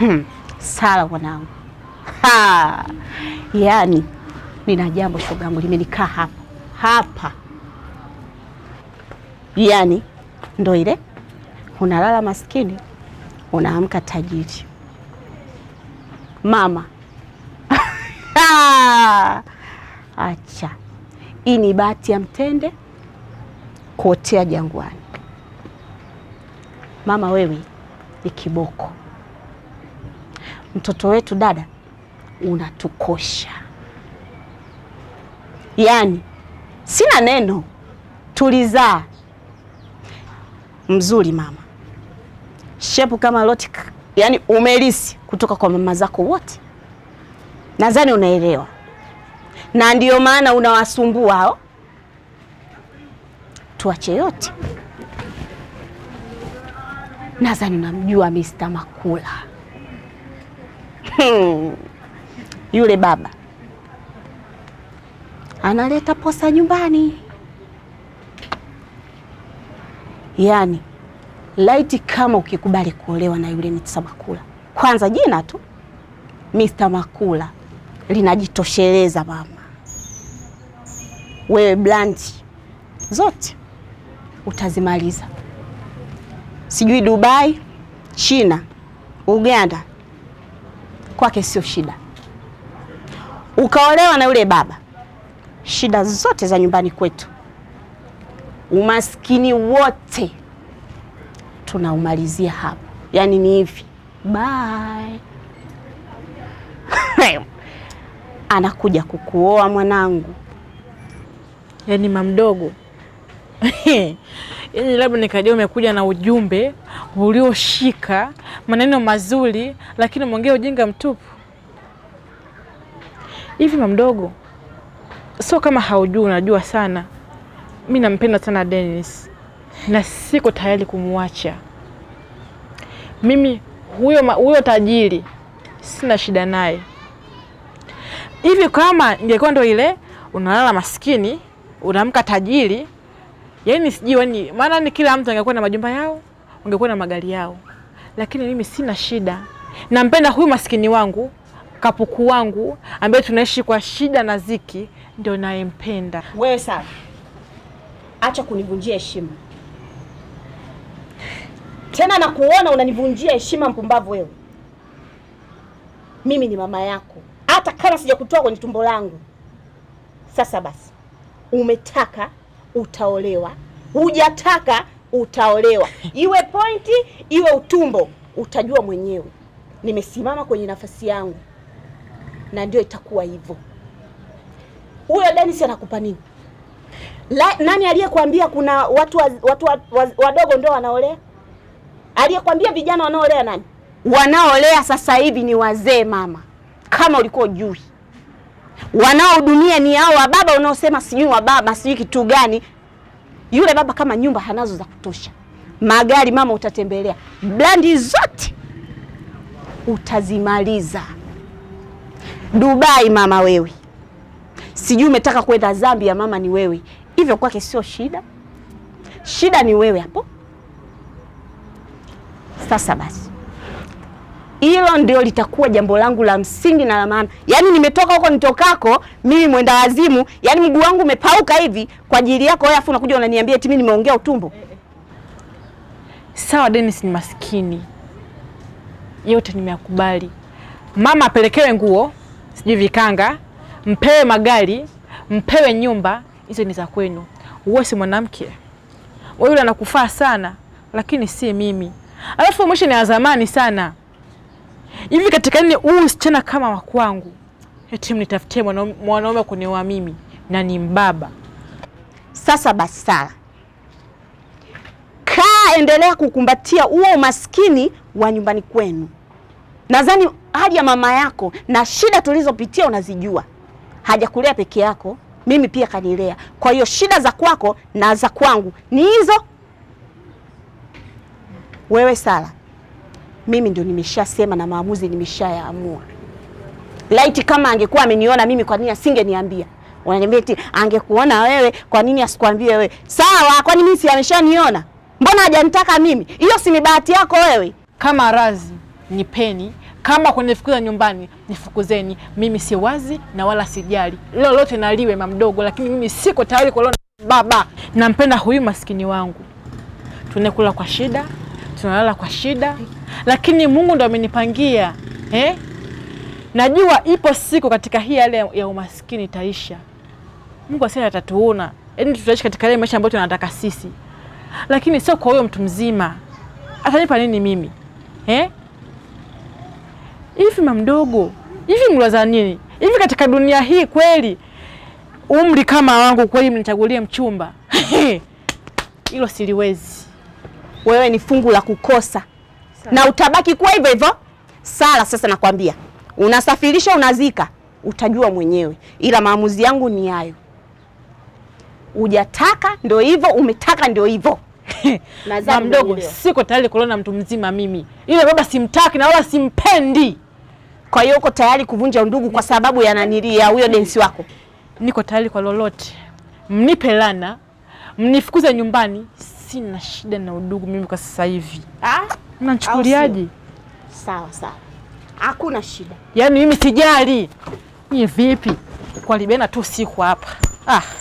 Hmm. Sala mwanangu, yaani nina jambo shogangu limenikaa hapa hapa, yaani ndo ile unalala maskini unaamka tajiri mama. Acha, hii ni bahati ya mtende kuotea jangwani. Mama wewe ni kiboko mtoto wetu dada, unatukosha. Yaani sina neno, tulizaa mzuri mama, shepu kama loti, yaani umelisi kutoka kwa mama zako wote, nadhani unaelewa, na ndiyo maana unawasumbua hao. Tuache yote, nadhani unamjua Mr. Makula. Hmm. yule baba analeta posa nyumbani, yaani laiti kama ukikubali kuolewa na yule Mr. Makula, kwanza jina tu Mr. Makula linajitosheleza mama. Wewe blanti zote utazimaliza, sijui Dubai, China, Uganda kwake sio shida. Ukaolewa na yule baba, shida zote za nyumbani kwetu, umaskini wote tunaumalizia hapo. Yaani ni hivi bye. Anakuja kukuoa mwanangu, yaani mamdogo yani labda nikajua umekuja na ujumbe ulioshika, maneno mazuri, lakini umeongea ujinga mtupu. Hivi mamdogo, sio kama haujui, unajua sana. Mi nampenda sana Dennis na siko tayari kumwacha mimi huyo, huyo tajiri sina shida naye. Hivi kama ningekuwa ndo ile unalala maskini unaamka tajiri yaani sijui yani, maana ni kila mtu angekuwa na majumba yao, angekuwa na magari yao, lakini mimi sina shida. Nampenda huyu maskini wangu kapuku wangu ambaye tunaishi kwa shida na ziki, ndio nayempenda. Wewe safi, acha kunivunjia heshima tena, nakuona unanivunjia heshima, mpumbavu wewe. Mimi ni mama yako, hata kama sijakutoa kwenye tumbo langu. Sasa basi, umetaka utaolewa, hujataka utaolewa, iwe pointi iwe utumbo, utajua mwenyewe. Nimesimama kwenye nafasi yangu na ndio itakuwa hivyo. Huyo Dennis anakupa nini? La, nani aliyekwambia kuna watu watu wadogo ndio wanaolea? Aliyekwambia vijana wanaolea nani? Wanaolea sasa hivi ni wazee mama, kama ulikuwa ujui wanaohudumia ni hao wa baba unaosema sijui wa baba sijui kitu gani. Yule baba kama nyumba hanazo za kutosha, magari mama, utatembelea brandi zote utazimaliza. Dubai mama wewe, sijui umetaka kwenda Zambia mama, ni wewe hivyo kwake sio shida, shida ni wewe hapo sasa. Basi hilo ndio litakuwa jambo langu la msingi na la maana. Yaani nimetoka huko nitokako mimi mwenda wazimu, yaani mguu wangu umepauka hivi kwa ajili yako wewe, afu unakuja unaniambia eti mimi nimeongea utumbo. Eh, eh. Sawa Dennis, ni maskini, yote nimeyakubali. Mama apelekewe nguo, sijui vikanga, mpewe magari, mpewe nyumba, hizo ni za kwenu. Wewe si mwanamke, wewe yule anakufaa sana, lakini si mimi. Alafu mwisho ni wa zamani sana hivi katika nini huu msichana kama wa kwangu eti mnitafutie mwanaume kunioa mimi na ni mbaba? Sasa basi, Sara, kaa endelea kukumbatia huo umaskini wa nyumbani kwenu. Nadhani hali ya mama yako na shida tulizopitia unazijua. Hajakulea peke yako, mimi pia kanilea. Kwa hiyo shida za kwako na za kwangu ni hizo. Wewe Sara mimi ndio nimeshasema na maamuzi nimeshayaamua. Laiti kama angekuwa ameniona mimi, kwa nini asingeniambia? Unaniambia eti angekuona wewe, kwa nini asikuambie wewe? Sawa, kwa nini si ameshaniona? Mbona hajanitaka mimi? Hiyo si ni bahati yako wewe. Kama razi nipeni, kama kunifukuza nyumbani nifukuzeni. Mimi si wazi na wala sijali, lolote naliwe mamdogo, lakini mimi siko tayari kuolewa na baba. Nampenda huyu maskini wangu, tunakula kwa shida, tunalala kwa shida lakini Mungu ndo amenipangia eh? Najua ipo siku katika hii hali ya umaskini itaisha. Mungu asili atatuona, yaani tutaishi katika ile maisha ambayo tunataka sisi, lakini sio kwa huyo mtu mzima. Atanipa nini mimi eh? Hivi mamdogo, hivi mliwaza nini? Hivi katika dunia hii kweli umri kama wangu kweli mnichagulie mchumba? Hilo siliwezi. Wewe ni fungu la kukosa na utabaki kuwa hivyo hivyo. Sala sasa nakwambia, unasafirisha unazika, utajua mwenyewe, ila maamuzi yangu ni hayo. Ujataka ndio hivyo, umetaka ndio hivyo. na mdogo, siko tayari kuona mtu mzima mimi. Ile baba simtaki na wala simpendi. Kwa hiyo uko tayari kuvunja undugu kwa sababu ya nanilia huyo densi wako? Niko tayari kwa lolote, mnipe lana, mnifukuze nyumbani, sina shida na udugu mimi kwa sasa hivi ah? Mnachukuliaje? Sawa sawa, hakuna shida. Yaani mimi sijali. Ni vipi kwa Libena tu siku hapa ah.